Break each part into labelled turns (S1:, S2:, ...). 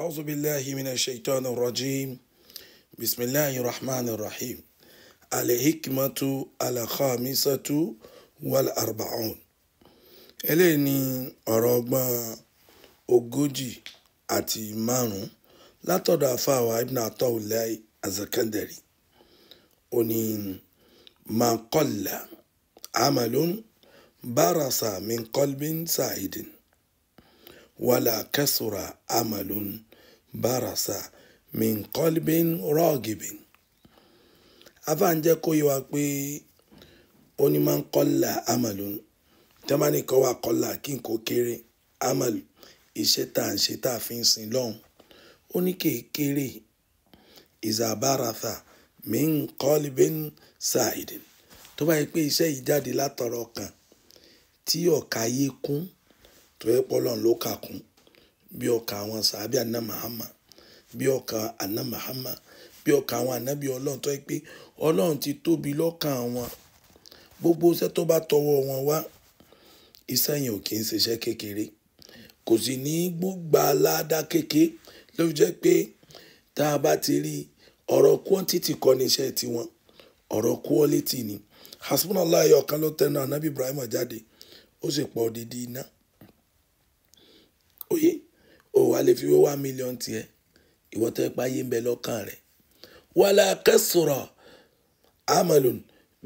S1: أعوذ بالله من الشيطان الرجيم بسم الله الرحمن الرحيم الحكمة الخامسة والأربعون eléyìí ni ọ̀rọ̀ ọgbọ́n ogójì àti márùn-ún látọ̀dọ̀ àfàwà ibn Ataullah azakandari ó ní man qalla amalun barasa min qalbin sa'idin wala kasura amalun bárasà mìǹkọ́líbìn rọ́ọ̀gìbìn afa ń jẹ́ kó yẹ wa pé ó ní máa ń kọ́là amalu tẹ́mánì kọ́ wa kọ́là kí n kò kéré amalu iṣẹ́ tá à ń ṣe tá a fi ń sin lọ́hùn ó ní kékeré ìzàbárasà mìǹkọ́líbìn sáìdìn tó bá yẹ pé iṣẹ́ yìí jáde látọ̀rọ̀ kan tí ọ̀ka yé kún tó yẹ pọ́ lọ́n ló kà kún bí ọkàn àwọn sàábì àná Muhammad bí ọkàn àná Muhammad bí ọkàn àwọn ànábì ọlọ́run tó yẹ pé ọlọ́run ti tóbi lọ́kàn àwọn gbogbo iṣẹ́ tó bá tọwọ́ wọn wá iṣẹ́ yẹn ò kì í ṣiṣẹ́ kékeré kò sì ní gbúgba aládá kéke ló fi jẹ́ pé tá a bá ti rí ọ̀rọ̀ quantity kọ́ ní iṣẹ́ tiwọn ọ̀rọ̀ quality ni hasbunallah ọ̀kan ló tẹnu ànábì Ibrahim jáde ó sì pọ̀ dídí iná. Oye. Oh, yeah. wà lè fi wé one million tiẹ̀ ìwọ tó ẹ pa yé ń bẹ lọ́kàn rẹ̀ wàlà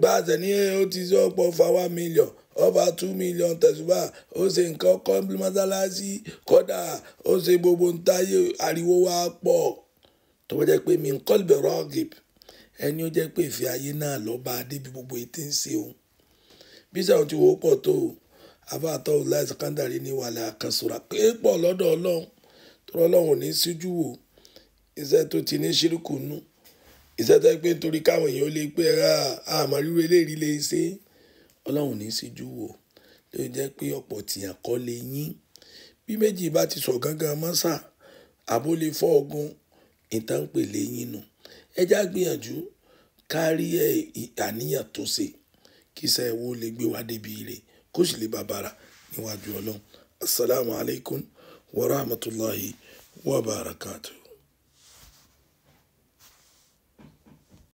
S1: bá a tẹ̀ ti sọ pọ̀ fa ọba two million tẹ̀sùbà ó ṣe nǹkan kọ́ mọ́sálásí kọ́dà o ṣe gbogbo ń ariwo wa pọ̀ tó bá jẹ́ pé mi ń kọ́ ìbẹ̀rọ ọ̀gìb ẹni ó jẹ́ pé ìfẹ́ ayé náà lọ́ba débi gbogbo ètí ń ṣe bí sàwọn ti wò ó pọ̀ tó àbá ní pé ọlọ́run ní síjú wò iṣẹ́ tó ti ní ṣírùkù nú iṣẹ́ tó pé nítorí káwọn èèyàn lè pé ra àmọ́ ríro eléyìí lè ṣe ọlọ́run ní síjú wò ló jẹ́ pé ọ̀pọ̀ tìyàn kọ́ lè yín bí méjì bá ti sọ gángan mọ́sà àbó lè fọ́ ọgbọ́n ìtàn pè lè nù ẹjá gbìyànjú kárí ẹ àníyàn tó ṣe kí iṣẹ́ wo lè gbé wá débi rẹ̀ kó sì lè bàbàrà níwájú ọlọ́run asalaamualeykum wa rahmatulahi. وبركاته